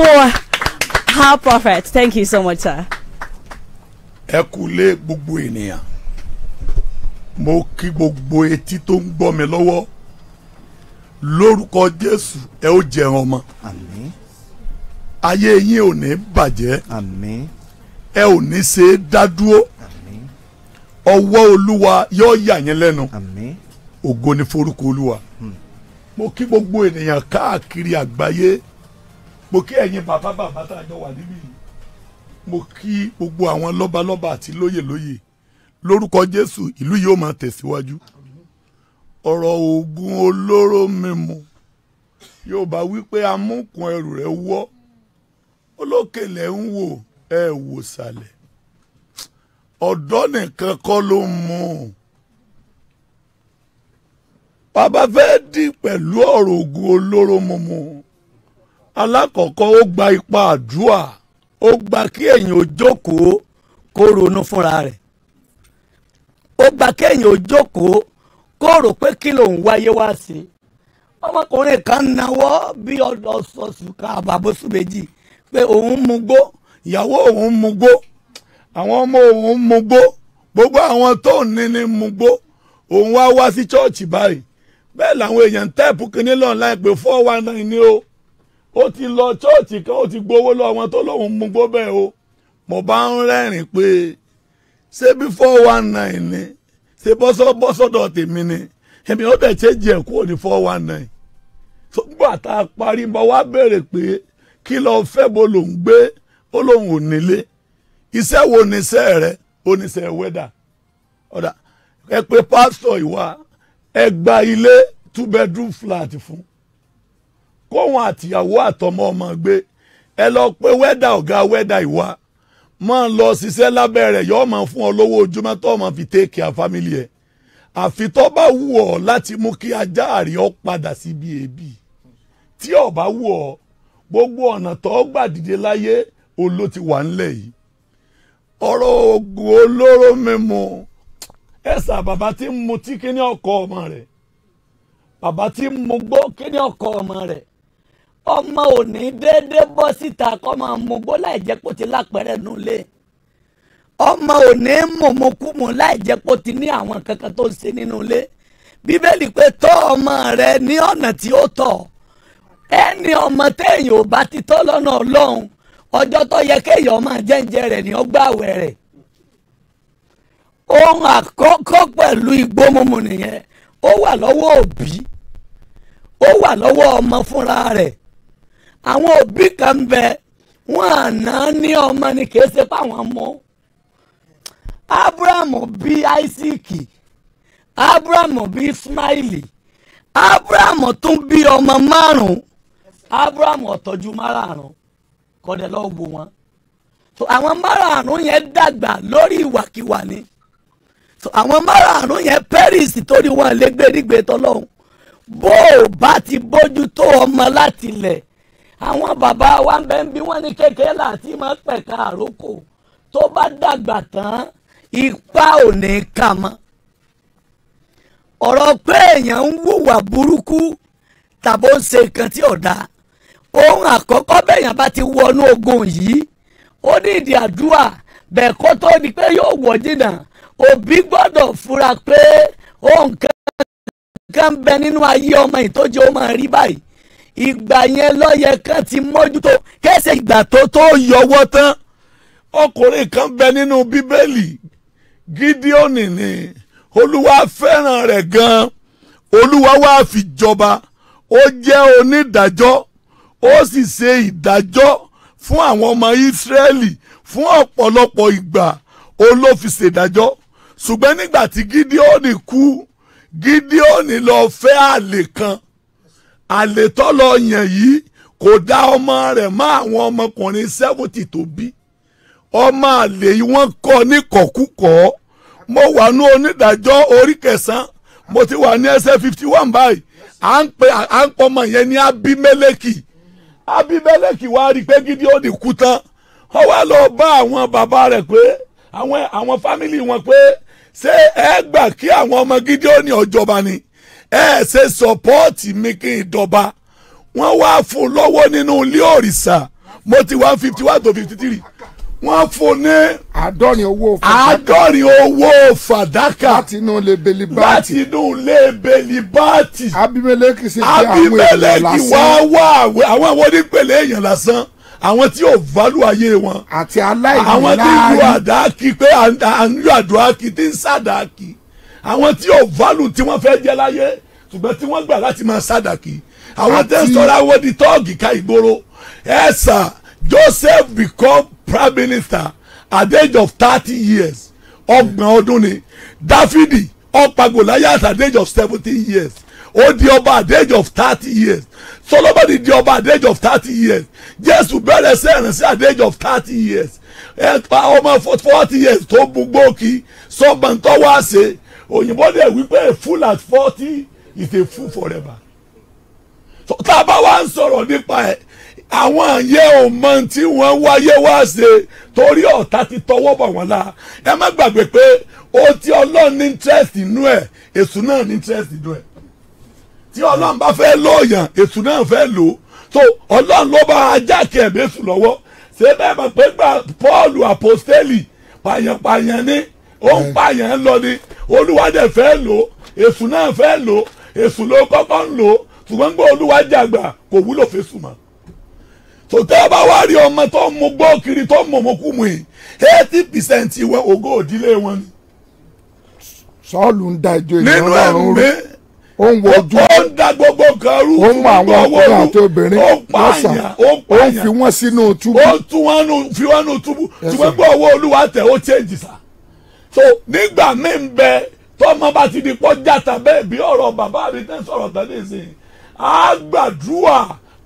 for our prophet. Thank you so much, sir. gbogbo ènìyàn. Mo kí gbogbo etí tó ń gbọ́ mi lọ́wọ́. Lórúkọ Jésù ẹ ó jẹun ọmọ. Ayé yín ò ní bàjẹ́. Ẹ ò ní ṣe é dádúró. Ọwọ́ Olúwa yóò yà lẹ́nu. mo kí ẹ̀yin bàbá bàbá tá a jọ wà níbí yìí mo kí gbogbo àwọn lọ́balọ́ba àti lóyè lóyè lórúkọ Jésù ìlú yìí ó máa tẹ̀síwájú ọ̀rọ̀ oògùn olóró mímu yóò bá wípé amúkùn ẹrù rẹ̀ wọ́ olókèlè ń wò ẹ wò sàlẹ̀ ọ̀dọ́ nìkan kọ́ ló ń mú un bàbá fẹ́ dì pẹ̀lú ọ̀rọ̀ oògùn olóró mímu alákọ̀ọ́kọ́ ó gba ipa àdúrà ó gba kí èyàn ó jókòó kó ronú fúnra rẹ̀ ó gba kí èyàn ó jókòó kó rò pé kí lòun wáyé wá sí i ọmọkùnrin kan nawọ́ bí ọlọ́sọ̀sù ká àbàbọ̀sù méjì pé òun mú ìyàwó òun mú àwọn ọmọ òun gbogbo àwọn tó ní ní òun o. ó ti lọ chọ́ọ̀chì kan ó ti gbowó lọ àwọn tó lóun mú gbó bẹ́ẹ̀ o mo bá ń rẹ́rìn pé ṣé ni ṣe bọ́sọ́dọ̀ tèmi ni èmi ó dẹ̀ ṣe jẹ́ kúrò ní four one nine tá a parí mo wá bèrè pé kí ló fẹ́ bo lòún gbé ó wo ni iṣẹ́ rẹ ó ní iṣẹ́ wẹ́dà ọ̀dà ẹ pé ẹ gba ilé two bedroom flat fún kóhun àtìyàwó àtọmọ ọmọ gbé ẹ lọ pé wẹ́dà ọ̀gá wẹ́dà ìwà máa lọ ṣiṣẹ́ lábẹ́ rẹ̀ yóò máa fún ọ lówó ojúmọ́ tó máa fi take care family ẹ̀ àfi tó bá wù ọ́ láti mú kí ajá àrí ọ padà síbi èébì tí ó bá wù ọ́ gbogbo ọ̀nà tó gbà dìde láyé olo ti wà ńlẹ̀ yìí ọ̀rọ̀ oògùn olóró mímu ẹ̀sà bàbá tí ń mu tí kíní ọkọ ọmọ rẹ̀ bàbá tí ń mu gbó kíní ọkọ ọmọ rẹ̀ ọmọ òní ní déédéé bọ́ síta kọ́ máa mú bó láì jẹ́ kó ti lápẹ̀rẹ̀ nulẹ̀ ọmọ ní láì jẹ́ kó ti ní àwọn kankan tó ṣe nínú ilé pé tọ́ ọmọ rẹ ní ọ̀nà tí ó tọ̀ ọmọ téèyàn ò bá ti tọ́ lọ́nà ọlọ́run ọjọ́ tó yẹ kéèyàn jẹ́ǹjẹ́ rẹ̀ rẹ̀ ohun àkọ́kọ́ pẹ̀lú nìyẹn ó wà lọ́wọ́ òbí ó ọmọ fúnra rẹ̀ àwọn òbí kan ń bẹ wọn àná ní ọmọ ni kì í ṣe fáwọn ọmọ abraham bí isaac abraham bí ismaili abraham tún bí ọmọ márùn abraham ọ̀tọ́jú márààrún kọ́dẹ̀ lọ́wọ́ wọn. wọ́n àwọn márààrún yẹn dàgbà lórí ìwàkiwà ni so àwọn márààrún yẹn paris torí wọn lè gbèrígbè tọ́lọ́hún bó o bá ti bójú tó ọmọ láti lẹ̀ àwọn bàbá wa ń bẹ ń bí wọ́n ní kékeré láti máa pẹ̀ka àrókò tó bá dàgbà tán ipá ò ní kà mọ́ ọ̀rọ̀ pé èèyàn ń wùwà burúkú tàbó ń ṣe nǹkan tí ò dáa ohun àkọ́kọ́ bẹ̀yàn bá ti wọnú ogun yìí ó ní ìdí àdúrà bẹ́ẹ̀ kó tó di pé yóò wọ̀ jìnnà òbí gbọ́dọ̀ fura pé ohun kan kan bẹ nínú ayé ọmọ ìtọ́jú ọmọ rí báyìí ìgbà yẹn lọ́yẹ kan ti mójútó kẹsẹ̀ ìgbà tó tó yọwọ́ tán ọkùnrin kan bẹ nínú bíbélì gídíọ́nì ni olúwa fẹ́ràn rẹ̀ gan-an olúwa wá fi jọba ó jẹ́ onídàájọ́ ó sì ṣe ìdájọ́ fún àwọn ọmọ ìsírẹ́lì fún ọ̀pọ̀lọpọ̀ ìgbà ó ló fi ṣèdájọ́ ṣùgbọ́n nígbà tí gídíọ́nì kú gídíọ́nì lọ fẹ́ àlè kan àlètọ́ lọ yàn yìí kò dá ọmọ rẹ̀ mọ́ àwọn ọmọkùnrin sẹ́wọ́tì tó bí ọmọ àlè yìí wọ́n kọ́ ní kọ̀kúkọ̀ mo wà ní onídàájọ́ orí kẹsàn-án mo ti wà ní ẹsẹ̀ fifty one báyìí à ń pè à ń pọ ọmọ yẹn ní Abimeleki Abimeleki wá rí i pé gidi ó di kú tán ó wá lọ bá àwọn bàbá rẹ̀ pé àwọn àwọn fámìlì wọn pé ṣé ẹ gbà kí àwọn ọmọ gidi ó ní ọjọba ni ẹ ṣe sọpọ́ọ̀tì mi kí n dọba wọ́n wá fún lọ́wọ́ nínú ilé òrìṣà mo ti one fifty one to fifty three wọ́n fún ní. àádọ́rin owó fàdákà àádọ́rin owó fàdákà láti inú lebeli báàtì láti inú lebeli báàtì. abimeleki ṣe jẹ́ àwọn èèyàn lásán abimeleki wá wá àwọn àwọn onípele èèyàn lásán àwọn tí ò válù ayé wọn àti aláìní láàyè àwọn tí ń lu àdáàkì pé à ń lu àdáàkì tí ń sàdáàkì àwọn tí ò value tí wọ́n fẹ́ jẹ láyé ṣùgbọ́n tí wọ́n gbà láti máa sádàkì àwọn tẹ́ ń sọ̀rọ̀ àwọn di tọ́ọ̀gì ká ìgboro ẹ Joseph become prime minister at the age of thirty years ọgbọ̀n ọdún ni Dáfídì ó pa at the age of seventy years ó di ọba at the age of thirty years Solomoni di ọba at the age of thirty years Jésù bẹ̀rẹ̀ sí ìrìnsẹ̀ at the age of thirty years ọmọ forty years tó bugbó kí sọ́gbọ̀n tó wá ṣe òyìnbó dẹ̀ wípé full at forty is a full forever so tá a bá wá ń sọ̀rọ̀ nípa ẹ̀ àwọn àyẹ̀ ò mọ tí wọ́n wáyé wá ṣe torí ọ̀tá ti tọwọ́ bọ̀ wọ́n la ẹ má gbàgbé pé o ti ọlọ́run ní interest inú ẹ̀ èṣù náà ní interest inú ẹ̀ tí ọlọ́run bá fẹ́ lóòyàn èṣù náà fẹ́ lò ó so ọlọ́run ló bá ajá kí ẹ̀mí èṣù lọ́wọ́ ṣé bẹ́ẹ̀ mọ̀ pé gba Paul apostoli pààyàn pààyàn ni ó ń pààyàn lọ ni olúwa dẹ̀ fẹ́ lò èṣù náà fẹ́ lò èṣù ló kọ́kọ́ ń lò ṣùgbọ́n gbọ́ olúwa jàgbà kò wúlò fèṣù mọ́ tòtẹ́ bá wá rí ọmọ tó mú gbọ́ kiri tó mọ̀ mọ́ kú mu yìí eighty percent ìwé ògo òdílé wọn ni. sọ́ọ̀lù ń da ìjọ ìyẹn ọlọ́run rú ó ń wo ojú ó ń da gbogbo nǹkan rú ó ń mọ àwọn ọkùnrin àti obìnrin lọ́sàn ó ń fi wọ́n sínú túbú ó ń fi wọ́n nù túbú ṣùgbọ́n gbọ́ owó olúwa tẹ̀ ó change sá so nígbà míì ń bẹ tọmọ bá ti di pọ́ jàtà bẹ́ẹ̀ bí ọ̀rọ̀ bàbá mi tẹ́ sọ̀rọ̀ tán nísìnyí á gbàdúrà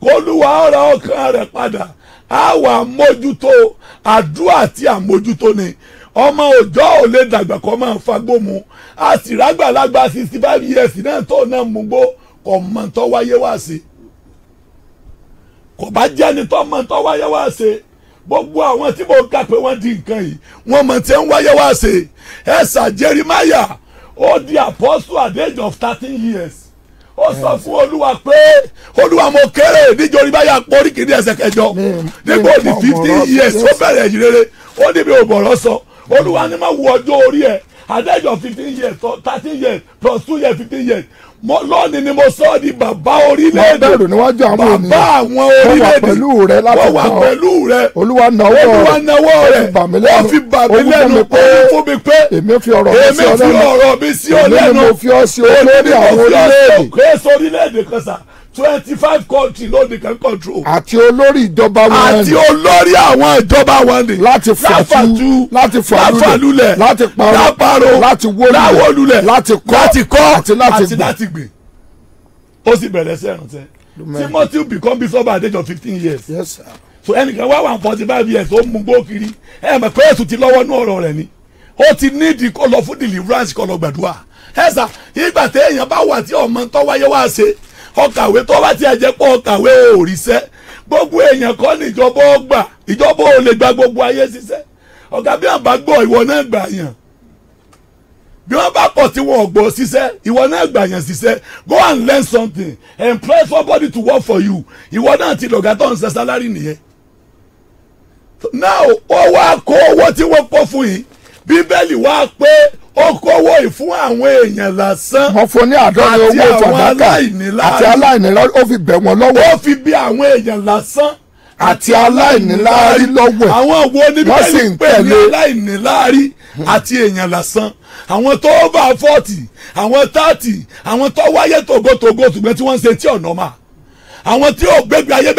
kólúwa ọ̀rọ̀ ọkàn rẹ̀ padà á wà mójútó àdúrà àti àmójútó ni ọmọ òjọ́ ò lè dàgbà kọ́ máa fagbó mu a sì rágbàlagbà sixty five years náà tó náà mú gbó kò mọ̀ tó wáyé wá sí kò bá jẹ́ni tó mọ̀ tó wáyé wá sí gbogbo àwọn tí mo kà pé wọ́n di nǹkan yìí wọ́n mọ̀ tí ń wáyé wá ṣe ẹ̀sà Jeremiah ó di apostle at the age of thirteen years ó sọ fún olúwa pé olúwa mo kéré níjọ Jeremiah porí kìíní ẹsẹ̀ kẹjọ nígbà ó di fifteen years ó bẹ̀rẹ̀ yìí rere ó níbi òbọ̀rọ̀ sọ olúwa ni má wo ọjọ́ orí ẹ̀ at the age of fifteen years thirteen years plus two years fifteen years mo lónìí ni mo sọ di bàbá orílẹ̀-èdè bàbá níwájú àwọn ènìyàn bàbá àwọn orílẹ̀-èdè wọ́n wà pẹ̀lú rẹ olúwa nawọ́ rẹ wọ́n fi bà mí lẹ́nu pé fún mi pé èmi fi ọ̀rọ̀ mi sí ọ lẹ́nu èmi ni mo fi ọ sí orílẹ̀-èdè àwọn orílẹ̀-èdè twenty five country ló nìkan control. àti olórí ìjọba wọn ni. àti olórí àwọn ìjọba wọn ni. láti fàtú láti fàlúlẹ̀ láti parọ́ láparọ́ láti wólulẹ̀ láti kọ́ láti kọ́ àti láti gbìn. ó sì bẹ̀rẹ̀ sí ẹ̀ránṣẹ́. Timothy become bishop at the age of fifteen years. Yes, sir. so ẹnìkan wá one forty five years ó mú gbó kiri ẹ mọ̀ pé èsù ti lọ́wọ́ ní ọ̀rọ̀ rẹ̀ ni ó ti nídìí kó lọ fún deliverance kó lọ gbàdúrà ẹ sà ìgbà téèyàn bá wà tí ọmọ tó wáyé wá ṣe ọkàwé tó bá ti ẹ̀jẹ̀ pọ̀ ọkàwé òrìṣẹ́ gbogbo èèyàn kọ́ ní ìjọba ọgbà ìjọba ò lè gba gbogbo ayé ṣiṣẹ́ ọ̀gá bí wọ́n bá gbọ́ ìwọ náà gbà yàn bí wọ́n bá kọ̀ tí wọ́n gbọ́ ṣiṣẹ́ ìwọ náà gbà yàn ṣiṣẹ́ go and learn something employ somebody to work for you ìwọ náà ti lọ̀gá tó ń ṣe sálárì nìyẹn now ó wá kó owó tí wọ́n kó fún yìí bíbélì wá pé ó kówó ìfún àwọn èèyàn lásán. wọ́n fún ní àádọ́rin àti aláìníláárí ó fi bẹ̀ wọ́n lọ́wọ́. ó fi bí àwọn èèyàn lásán. àti aláìníláárí lọ́wọ́. àwọn wo ní pè ní aláìníláárí àti èèyàn lásán àwọn tó bá fọ́ọ̀tì àwọn táàtì àwọn tó wáyé tògótògó ṣùgbọ́n tí wọ́n ń ṣe tí ọ̀nà mà àwọn tí ò gbégbé ayé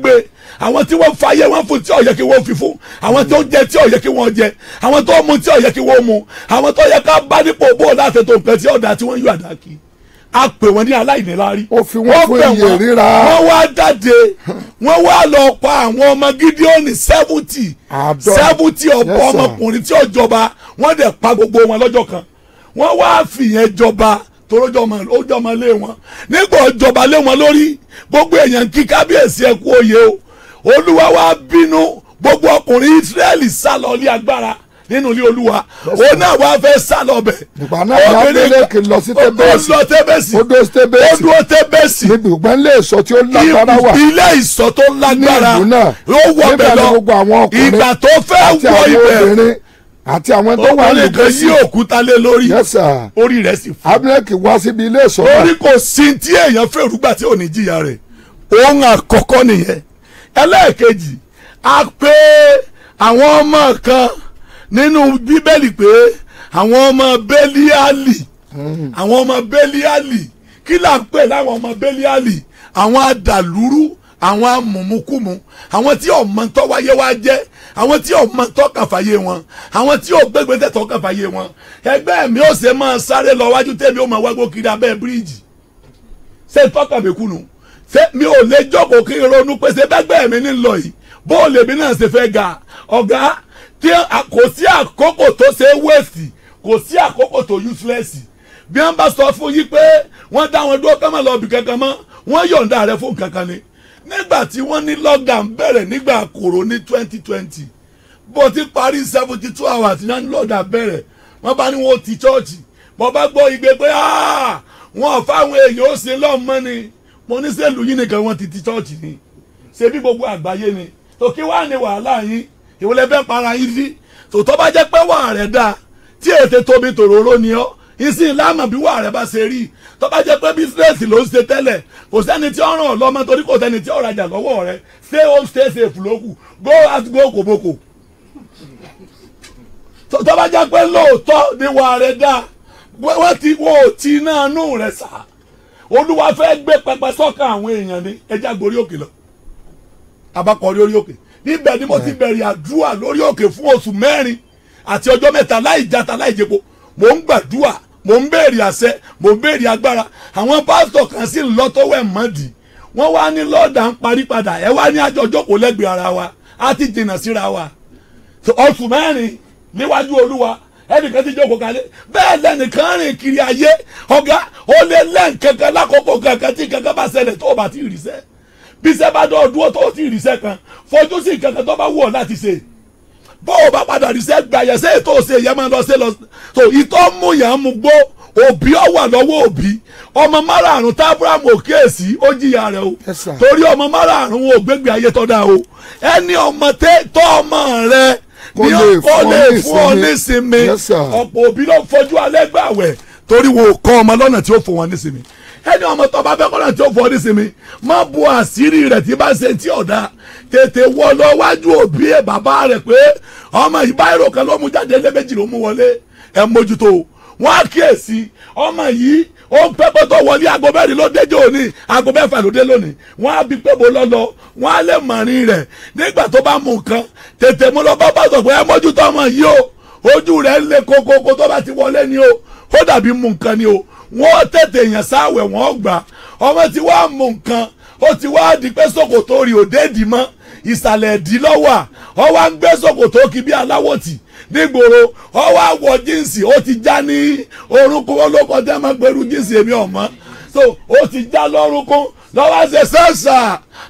gbé àwọn tí wọ́n fa ayé wọn fún tí ó yẹ kí wọ́n fi fún àwọn tó jẹ tí ó yẹ kí wọ́n jẹ àwọn tó mu tí ó yẹ kí wọ́n mu àwọn tó yẹ ká bá nípò bó láti tó nǹkan tí ọ̀dà tí wọ́n yọ àdá kí a pè wọ́n ní aláìníláárí ó fi wọ́n fún iye ríra wọ́n wá jáde wọ́n wá lọ pa àwọn ọmọ gídíọ́nì sẹ́fùtì sẹ́fùtì ọ̀pọ̀ ọmọkùnrin tí ó jọba wọ́n dẹ̀ pa gbogbo wọn lọ́jọ́ kan wọ́n wá fìyẹn jọba torójọmọ ó jọmọ lé wọn nígbà ọjọba lé wọn lórí gbogbo èèyàn kí kábíyèsí ẹ kú òye o olúwa wá bínú gbogbo ọkùnrin israẹli sá lọ ilé agbára nínú ilé olúwa òun náà wàá fẹ́ sá lọ bẹ̀. ìgbà náà ni abimeleki lọ sí tẹbẹsì odò tẹbẹsì odò tẹbẹsì níbi ìgbà ilé ìsọ̀ tí ó lágbára wà ilé ìsọ̀ tó lágbára ló wọ bẹ̀ lọ ìgbà tó fẹ́ wọ ibẹ̀ àti àwọn tó wà ní ìgbésí ọkùnrin kan yí òkúta lé lórí orí rẹ̀ sì fún. abimeleki wá síbi ilé ìsọ̀ náà. orí kò sí tí èèyàn fèrú gbà tí ò ní jìyà rẹ̀ òun àkọ́kọ́ nìyẹn ẹlẹ́ẹ̀kejì a pé àwọn ọmọ kan nínú bíbélì pé àwọn ọmọ bẹ́líálì àwọn ọmọ bẹ́líálì kí là ń pè láwọn ọmọ bẹ́líálì àwọn adàlúrú àwọn amùmùkùmù àwọn tí ọmọ tó wáyé wá jẹ́ àwọn tí ọmọ tó kàfàyé wọn àwọn tí ò gbégbé tó kàfàyé wọn ẹgbẹ́ mi ò ṣe máa sáré lọ wájú tèmi ó máa wágbó kiri abẹ́ bíríìjì ṣé tọ́kàbẹ̀kùnú ṣé mi ò lè jókòó kí n ronú pé ṣé bẹ́gbẹ́ mi ní lọ yìí bó o náà ṣe fẹ́ ga ọ̀gá tí kò sí àkókò tó ṣe é wẹ̀sì kò sí àkókò tó useless bí wọ́n bá sọ fún yí pé wọ́n dá wọn dúró kọ́mọ̀ lọ́ọ̀bì kankan mọ́ wọ́n yọ̀ǹda rẹ fún kankan ni nígbà tí wọ́n ní lockdown bẹ̀rẹ̀ nígbà kòrò ní twenty twenty bó ti parí seventy hours ní wọ́n ní lockdown bẹ̀rẹ̀ wọ́n bá ní wọ́n ti chọ́ọ̀chì bọ́ bá gbọ́ igbe pé wọ́n fáwọn èèyàn ó sin lọ́ọ̀ mọ́ ni mo ní sẹ́lù yín nìkan wọ́n ti ti chọ́ọ̀chì ni ṣe bí gbogbo àgbáyé ni tòkí wà ní wàhálà yín ìwọlẹ̀ fẹ́ para yín sí tòótọ́ bá jẹ́ pé wà rẹ̀ dáa tí ètè tóbi tòróró ni ọ́ ìsìn ìlànà bí wà rẹ̀ bá ṣe rí tó bá jẹ́ pé bísíǹsì ló ń ṣe tẹ́lẹ̀ kò sẹ́ni tí ó ràn ọ́ lọ́mọ torí kò sẹ́ni tí ó rajà lọ́wọ́ rẹ̀ stay home stay safe lókù go out go kòbókò tó bá jẹ́ pé lóòótọ́ ni wà rẹ̀ dáa wọ́n ti wo òtí náà nù rẹ̀ sáà olúwa fẹ́ gbé pẹpẹ sọ́kàn àwọn èèyàn ni ẹjẹ́ àgbórí òkè lọ abakọ̀rí orí òkè níbẹ̀ ni mo ti eh. bẹ̀rẹ̀ àdúrà lórí òkè fún oṣù mẹ́rin àti ọjọ́ mẹ́ta láì jata láì jepo mo ń gbàdúrà mò ń béèrè àṣẹ mò ń béèrè agbára àwọn pásítọ̀ kan sì ń lọ tọ́wọ́ ẹ̀ mọ́dì wọ́n wá ní lọ́ọ̀dà ń parí padà ẹ wá ní àjọjọ́ kò lẹ́gbẹ̀ẹ́ ara wa á ti síra wa oṣù mẹ́rin níwájú ẹnìkan ti jókòó kalẹ̀ bẹ́ẹ̀ lẹ́nìkan rìn kiri ayé ọ̀gá ó lé lẹ́ǹkankan lákòókò kankan tí kankan bá ṣẹlẹ̀ tó o bá ti rí sẹ́ bí sẹ́ bá dọ̀ dúró tó o ti rí sẹ́ kan fojú sí kankan tó bá wù ọ́ láti ṣe bó o bá padà rí sẹ́ gbà yẹ sẹ́ ètò òsè yẹn máa lọ sí lọ tó ìtọ́ mú yàn mú gbó òbí ọ̀wà lọ́wọ́ òbí ọmọ márààrún tábúrámù òkèèsí ó jìyà rẹ o torí ọmọ márààrún ògbégbé ayé tọ́da o ẹni ọmọ tẹ́ tọ́ ọmọ rẹ kó lè fún ọ nísinmi ọ̀pọ̀ òbí ló fojú alẹ́ gbàwẹ̀ torí wo kọ́ ọmọ lọ́nà tí ó fún wọn nísinmi ẹni ọmọ tó bá fẹ́ kọ́ lọ́nà tí ó fún ọ nísinmi má bu àṣírí rẹ̀ tí bá ṣe tí ọ̀dà tètè wọ lọ wájú òbí ẹ̀ bàbá rẹ̀ pé ọmọ ìbáyìí rò kan ló mú jáde lẹ́mẹ̀jì ló mú wọlé ẹ̀ mójútó o wọ́n á kíyèsí ọmọ yìí ó ń pẹ́ kó tó wọlé aago mẹ́rin ló dé jò ní aago mẹ́fà ló dé lónìí wọ́n á bí pé mo lọ lọ wọ́n á lè mọ̀rin rẹ̀ nígbà tó bá mú nǹkan tètè mú lọ bá bá sọ pé ẹ mójútó ọmọ yìí o ojú rẹ̀ ń le kókókó tó bá ti wọlé ni o ó dàbí mú nǹkan ni o wọ́n tètè yàn sáwẹ̀ wọ́n gbà ọmọ tí wàá mú nǹkan ó ti wá di pé ṣòkòtò rí òdèdì mọ́ ìsàlẹ̀ ẹ̀dí lọ́wọ́ à ọ wá ń gbé ṣòkòtò kí bí aláwọ̀ tì nígboro ọwọ́ àwọ̀ jíǹsì ó ti já ní orúnkún olóko tí a máa gbẹrú jíǹsì èmi ọ̀mọ́ so ó ti já lọ́rùnkún lọ́wọ́ ṣe sẹ́sà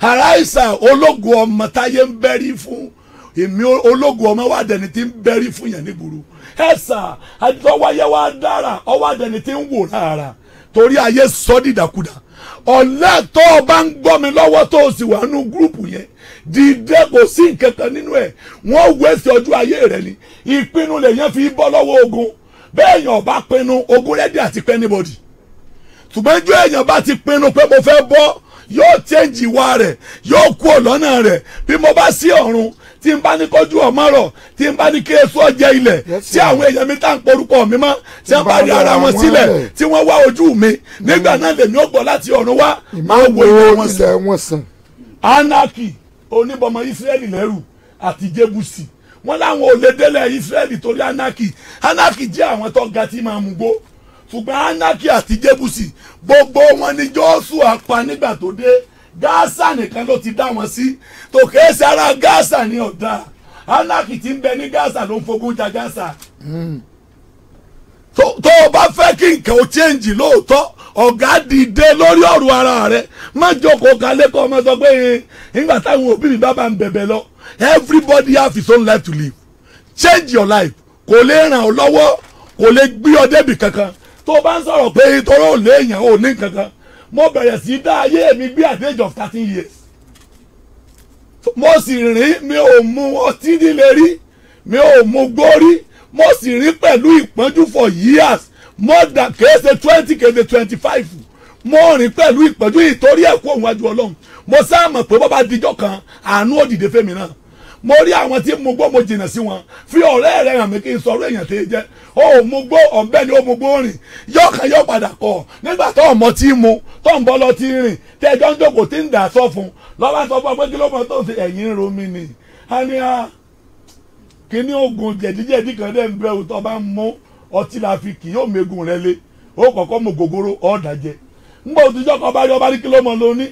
àráìsà ológun ọmọ táyé ń bẹ́rí fún èmi ológun ọmọ wà dẹni tí ń bẹ́rí fún yẹn nígboro ẹ̀sà àtọ́wáyé wa dára ọwọ́ àdẹni tí ń wò rárá torí ayé ọ̀lẹ́ tó o bá ń gbọ́ mi lọ́wọ́ tó o sì wà nínú gúrùpù yẹn dìde kò sí nǹkan kan nínú ẹ̀ wọ́n wẹ́sì ọjọ́ ayé rẹ ni ìpinnu lè yẹn fi bọ́ lọ́wọ́ ogun bẹ́ẹ̀ yàn bá pinnu ogun rẹ́dí àti pẹ́ níbodì ṣùgbọ́n ju èèyàn bá ti pinnu pé mo fẹ́ bọ́ yóò change ìwà rẹ̀ yóò kú ọ̀lọ́nà rẹ̀ bí mo bá sí ọ̀run tí n bá ní kọjú ọmọ rọ tí n bá ní kí èso ọjẹ ilẹ̀ tí àwọn èèyàn mi tá n porúkọ mi mọ́ tí wọ́n bá rí ara wọn sílẹ̀ tí wọ́n wá ojú mi nígbà náà lèmi ó gbọ́ láti ọ̀run wá máa ilẹ̀ wọn sàn. anaki oníbọmọ israẹli lẹ́rù àti jébùsì wọ́n láwọn ò lè délẹ̀ israẹli torí anaki anaki jẹ́ àwọn tó ga tí máa mú gbó ṣùgbọ́n anaki àti jébùsì gbogbo wọn ni Jóṣúà pa nígbà tó dé gaasa nìkan ló ti dá wọn sí tòkèésì ara gáàsà ni ọ̀dà anaki ti ń bẹ ní gáàsà ló ń fogún ja ki hmm. tó o bá fẹ́ kí nǹkan ó chẹ́ǹjì lóòótọ́ ọ̀gá dìde lórí ara rẹ̀ má jókòó kalẹ̀ kọ́ ọmọ sọ pé nígbà táwọn òbí mi bábà ń bẹ̀bẹ̀ lọ everybody have his own life to live change your life kò lè ràn ọ́ lọ́wọ́ kò kankan tó o bá ń sọ̀rọ̀ pé mo bẹ̀rẹ̀ sí dá ayé mi gbé at the age of thirteen years mo sì rìn mi ò mu ọtí líle rí mi ò mu gbórí mo sì rìn pẹ̀lú ìpọ́njú for years mo dà kéde twenty kéde twenty five mo rìn pẹ̀lú ìpọ́njú ìtorí ẹ̀kọ́ òun wájú ọlọ́run mo sáà mọ̀ pé bọ́ bá dijọ́ kan àánú òdìdé fẹ́mi náà mo rí àwọn tí mo gbọ́ mo jìnnà sí wọn fi ọ̀rẹ́ rẹ hàn mí kí n sọ̀rọ̀ èèyàn tó jẹ́ o mo gbọ́ ọ̀bẹ ni o mo gbọ́ rìn yọkàn yọ padà kọ nígbà tó ọmọ tí mo tó ń bọ́ lọ tí ń rìn tí ẹjọ́ ń jókòó tí ń dà sọ fún lọ́wọ́ sọ fún ọmọ kílọ́mọ tó ń ṣe ẹ̀yìn ń ro mi ni a ní a kíní oògùn jẹ̀díjẹ̀dí kan dẹ̀ ń bẹ òtọ́ bá ń mú ọtí la fi kì yóò megun rẹ lé o kọ̀kọ́ mo gògóró ọ̀ọ́dàjẹ́ ńgbà òtújọ́ kan bá yọ bá ní kílọ́mọ lóní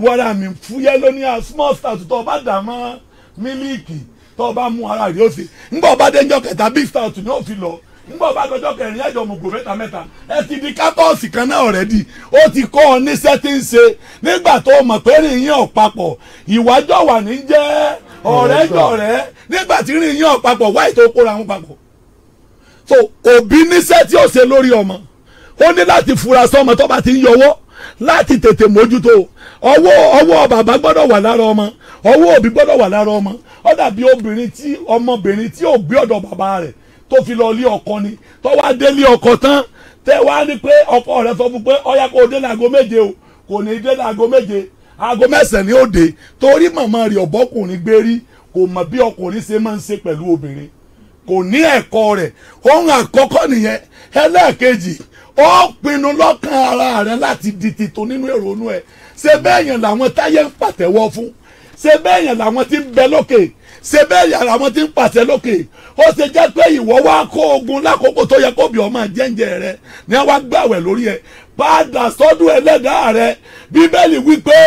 wọ́n rà mí fúyẹ́ lóní a small start tó bá dà mọ́ mílíìkì tó bá mú ara rẹ̀ ó sì ńgbà ọba déjọ́ kẹta big stout ni ó fi lọ ńgbà ọba dọjọ́ kẹrin ẹ̀jọ̀ mùgò mẹ́ta mẹ́ta ẹ ti di kátọ́ọ̀sì kan náà ọ̀rẹ́dì ó ti kọ́ ọ níṣẹ́ tí ń ṣe nígbà tó mọ̀ pé rìnyín ọ̀pápọ̀ ìwájọ́ wà ní jẹ́ ọ̀rẹ́jọ̀rẹ́ nígbà tí rìnyín ọ̀pápọ̀ wáyé tó kóra wọn papọ̀ so òbí níṣẹ́ tí ó ṣe lórí ọmọ ó ní láti fura sọ́mọ tó bá ti ń yọwọ́ láti tètè mójútó ọwọ́ ọwọ́ bàbá gbọ́dọ̀ wà lára ọmọ ọwọ́ òbí gbọ́dọ̀ wà lára ọmọ ó dàbí obìnrin tí ọmọbìnrin tí ò gbé ọ̀dọ̀ bàbá rẹ̀ tó fi lọ lé ọkọ ni tó wá ọkọ tán tẹ wá pé ọkọ rẹ̀ sọ fún pé kò dé méje o kò ní dé méje aago torí màmá gbé rí kò bí ó pinnu lọ́kàn ara rẹ láti di titun nínú èrònú ẹ ṣe bẹ́ẹ̀ yẹn làwọn táyé ń pàtẹ́wọ́ fún ṣe bẹ́ẹ̀ yẹn làwọn ti ń bẹ lókè ṣe bẹ́ẹ̀ yẹn làwọn ti ń pàṣẹ lókè ó ṣe jẹ́ pé ìwọ wá kó ogun lákòókò tó yẹ kó ọmọ jẹ́ǹjẹ́ rẹ ní wá gbàwẹ̀ lórí ẹ padà sọ́dún ẹlẹ́dàá rẹ bíbélì wípé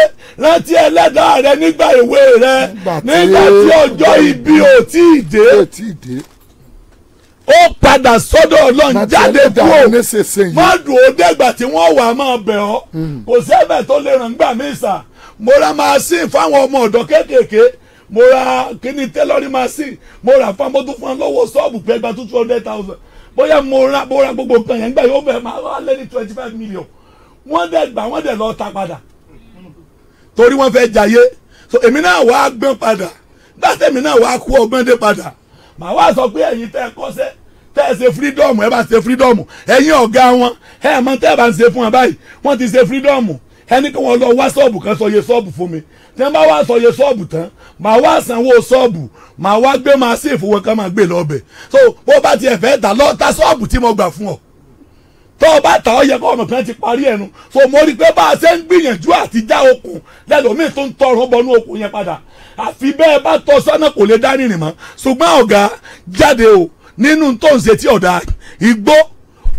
rántí ẹlẹ́dàá rẹ nígbà èwe rẹ nígbà tí ọjọ́ ibi ò tí dé ó padà sọ́dọ̀ ọlọ́run jáde kúrò má dùn ó dẹ́gbà tí wọ́n wà á máa bẹ̀ ọ́ hmm. kò sẹ́fẹ̀ tó lè ràn gbà mí sà mo ra máa sí fáwọn ọmọ ọ̀dọ́ kéékèèké mo ra kíní tẹ́lọ́rì máa sí mo ra fún amótó fún lọ́wọ́ sọ́ọ̀bù pé gba two hundred thousand bóyá mo ra mo ra gbogbo nǹkan yẹn gbà yóò bẹ̀ máa wá lé twenty five million wọ́n dẹ̀ gbà wọ́n dẹ̀ lọ́ọ́ ta padà torí wọ́n fẹ́ jayé so èmi náà wàá gbọ́n padà gbàtẹ́mi náà wàá kú ọgbọ́n dé padà màá wá sọ pé ẹ̀yin tẹ́ ẹ kọ́sẹ́ tẹ́ ẹ ṣe fírídọ́ọ̀mù ẹ bá ṣe fírídọ́ọ̀mù ẹ̀yin ọ̀gá wọn ẹ mọ tẹ́ ẹ bá ń ṣe fún wọn báyìí wọ́n ti ṣe fírídọ́ọ̀mù ẹni kí wọ́n lọ wá ṣọ́ọ̀bù kan sọ iye ṣọ́ọ̀bù fún mi tí wọ́n bá wá sọ iye ṣọ́ọ̀bù tán màá wá sanwó ṣọ́ọ̀bù màá wá gbé màá sí ìfowó kan máa gbé lọ ọbẹ̀ so bó bá tiẹ̀ fẹ́ tà lọ́ọ́ ta ṣọ́ọ̀bù tí mo gbà fún ọ tó o bá ta ọ yẹ kó ọ̀nà kan ti parí ẹnu so mo rí pé bá a ṣe ń gbìyànjú àti já okùn lẹ́lòmíì tó ń tọrọ bọnú okùn yẹn padà àfi bẹ́ẹ̀ bá tọ sọ́nà kò lè dá nìrìn mọ́ ṣùgbọ́n ọ̀gá jáde o nínú tó ń ṣe tí ọ̀dà igbó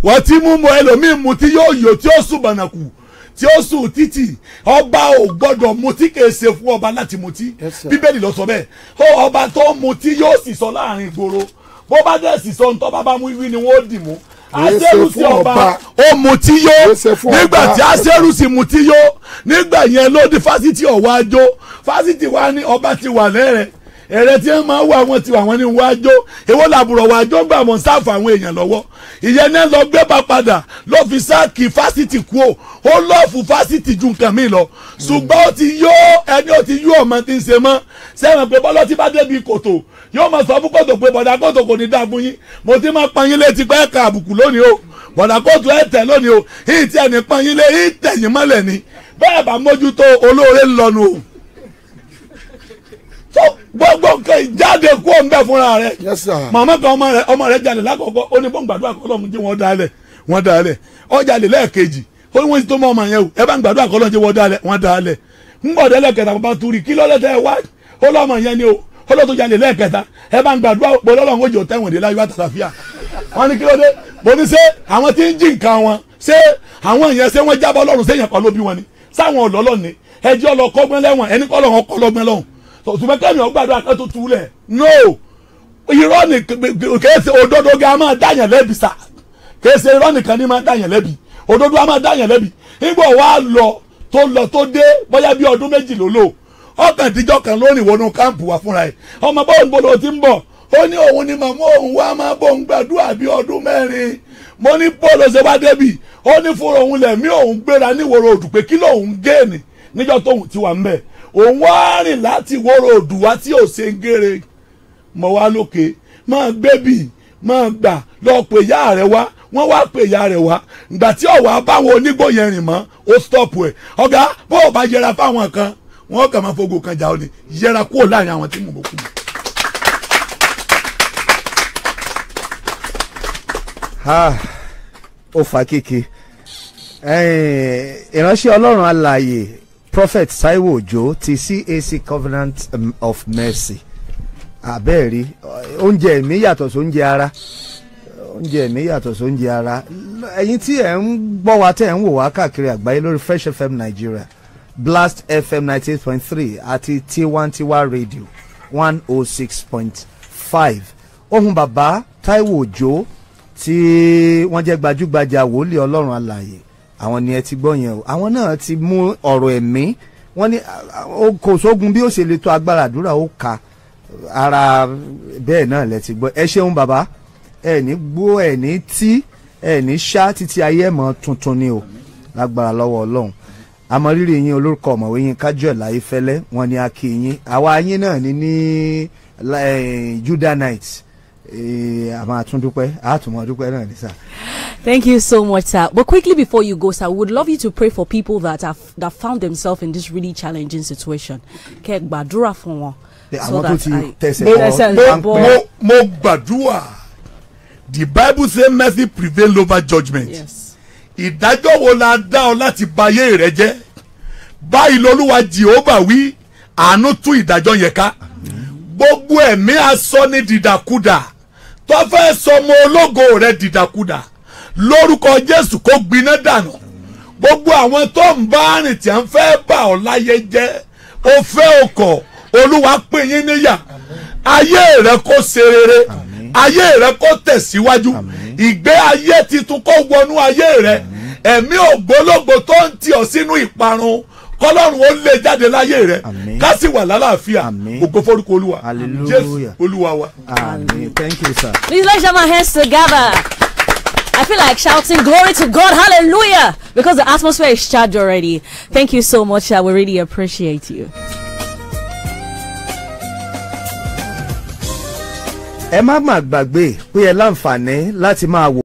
wọ́n ti mú mu ẹlòmíì mu tí yóò yò tí ó sùn bànàkù tí ó sùn títì ọba ò gbọ́dọ̀ mutí kèé ṣe fún ọba láti mutí bíbélì ló sọ bẹ́ẹ̀ ọba tó mutí yóò sì sọ láàrin ìgboro bó bá dẹ̀ sì sọ ní bá bá mú wí ni wọ́n dì mú aserusi ọba ó mutí yó nígbà tí aserusi mutí yó nígbà yẹn ló di fásitì ọ̀wá jó fásitì wa ní ọba ti wà lẹ́rẹ̀ ẹ̀rẹ̀ tí wọ́n máa wá wọn ti wà wọ́n ní wá jó èwo làbùrọ̀ wá jó gbà wọ́n sáàfù àwọn èèyàn lọ́wọ́ ìyẹn náà lọ gbé bá padà ló fi sáàkì fásitì kú o ó lọ́ọ̀fù fásitì ju nǹkan mi lọ ṣùgbọ́n ó ti yó ẹni ó ti yó ọmọ tí ń ṣe mọ́ sẹ́wọ̀n pé bọ́lọ́tí bá débi kòtò yóò máa sọ fún kóòtù pé bọ̀dà kò ní dáa fún yín mo ti máa yín létí pé o bọ̀dà kóòtù ẹ̀ lónìí o yìí tí ẹni pa yín lé yìí tẹ̀yìn mọ́lẹ̀ ni bẹ́ẹ̀ bá mójútó olóore o so gbogbo nǹkan ìjáde kú òun fúnra rẹ̀ màmá kan ọmọ ọmọ jalè ó ní gbàdúrà kọ́ lọ́mú wọ́n dalẹ̀ wọ́n dalẹ̀ o ẹ bá ń gbàdúrà kọ́ lọ́mú jẹ́ wọ́n dalẹ̀ wọ́n dalẹ̀ ń gbọ̀dọ̀ bàbá olóòtú jalè lẹ́ẹ̀kẹta ẹ bá ń gbàdúrà pé ọlọ́run ojú tẹ̀wọ̀n dé láyé wá tàlàfíà wọ́n ní kí ló dé bó ní ṣe àwọn tí ń jí nǹkan wọn ṣé àwọn èèyàn ṣé wọ́n jábọ́ ọlọ́run ṣé èèyàn kan ló bí wọn ni sáwọn ọ̀lọ́lọ́ ni ẹjẹ́ ọlọ́kọ́gbọ́n lẹ́wọ̀n ẹni kọ́ lọ́wọ́n kọ́ lọ́gbọ́n lọ́hùn ṣùgbọ́n kẹ́mi ọgbàdúrà kan tó tu lẹ̀ no irọ́ ni kèése òdodo gan máa dáyàn lẹ́bi sa kèése irọ́ nìkan ni máa dáyàn lẹ́bi òdodo a máa dáyàn lẹ́bi nígbà wàá lọ tó lọ tó dé bóyá bí ọdún méjì ló lò ọkàn tíjọ́ kan lónìí wọnú káàmpù wá fúnra ẹ̀ ọmọ bọ́ọ̀ níbo ló ti ń bọ̀ ó ní òun ni màmá òun wá máa bọ̀ ń gbàdúrà bí ọdún mẹ́rin mo ní bọ́ọ̀lù ṣe wá débì ó ní fúnra òun lẹ̀mí òun gbéra níwòrò òdù pé kí lòun géènì níjọ́ tóun ti wà ń bẹ̀ òun wá rìn láti wòrò òdù wá tí ò ṣe ń gére mọ̀ wá lókè máa gbébì máa gbà lọ pè ìyá rẹ̀ wá wọ́n wá pè ìyá rẹ̀ wá ìgbà tí ọ̀wá báwọn onígbò yẹn rìn mọ́ ó stọ́ọ̀pù ẹ̀ ọ̀gá bó o bá yẹra fáwọn kan wọn kà máa fogo kan jà ọ ni yẹra kúrò láàrin àwọn tí mò ń kú mi. ó fa kíkì ìránṣẹ́ ọlọ́run alààyè prophet Taiwo Ojo ti CAC Covenant um, of Mercy àbẹ́ẹ̀rí oúnjẹ mi yàtọ̀ sóúnjẹ ara oúnjẹ mi yàtọ̀ ara ẹ̀yin tí ẹ̀ ń gbọ́ wa tẹ̀ ń wò wá káàkiri àgbáyé lórí Fresh FM Nigeria blast fm ninety eight point three àti tiwantiwa radio 106.5. oh six point five ohun bàbá Táíwò Òjó tí wọ́n jẹ́ gbajúgbajà wòlíì Ọlọ́run alààyè àwọn ni ẹ ti gbọ́ yẹn o àwọn náà ti mú ọ̀rọ̀ ẹ̀mí wọ́n ní kò sógun bí ó ṣe lè tó agbára àdúrà ó ka ara bẹ́ẹ̀ náà lẹ ti gbọ́ ẹ ṣeun bàbá ẹ ní gbó ẹ ní tí ẹ ní ṣá títí ayé ẹ̀mọ́ tuntun ni o lágbára lọ́wọ́ Ọlọ́run àmọrírì yín olórúkọ ọ̀mọ̀wé yín kájọ láìfẹ́lẹ́ wọn ni a kí yín àwa yín náà ni ní eh, Judah night àmọ́ eh, àtúndúpẹ́ àtúmọ̀dúpẹ́ náà ni sir. Thank you so much, sir. But quickly before you go, sir, we would love you to pray for people that have that found themselves in this really challenging situation. Kẹ́ gbàdúrà fún wọn. Eh, àwọn tó ti tẹsẹ̀ bọ́. Mo gbàdúrà. The Bible say mercy prevail over judgment. Yes ìdájọ́ wo la dá ọ láti bayé rẹ jẹ́ báyìí lolúwa jehova wí àánú tú ìdájọ́ yẹn ká gbogbo ẹ̀mí asọ ní dìdàkudà tó fẹ́ sọmọ ológo rẹ dìdàkudà lórúkọ jésù kó gbiná dànù gbogbo àwọn tó ń bá rìn tí à ń fẹ́ bà ọ́ láyé jẹ́ o fẹ́ o kọ̀ olúwa pín yín níyà ayé rẹ kó ṣe rere ayé rẹ kó tẹ̀síwájú ìgbé ayé titun kó wọnú ayé rẹ ẹ̀mí ògbólógbò tó ń tì ọ́ sínú ìparun kọlọ́run ó lè jáde láyé rẹ ká wà lálàáfíà ògo forúkọ olúwa jésù olúwa wa. thank you sir. please let's jam our hands together. I feel like shouting glory to God, hallelujah, because the atmosphere is charged already. Thank you so much, sir. We really appreciate you. ẹ má má gbàgbé pé ẹ láǹfààní láti máa wò.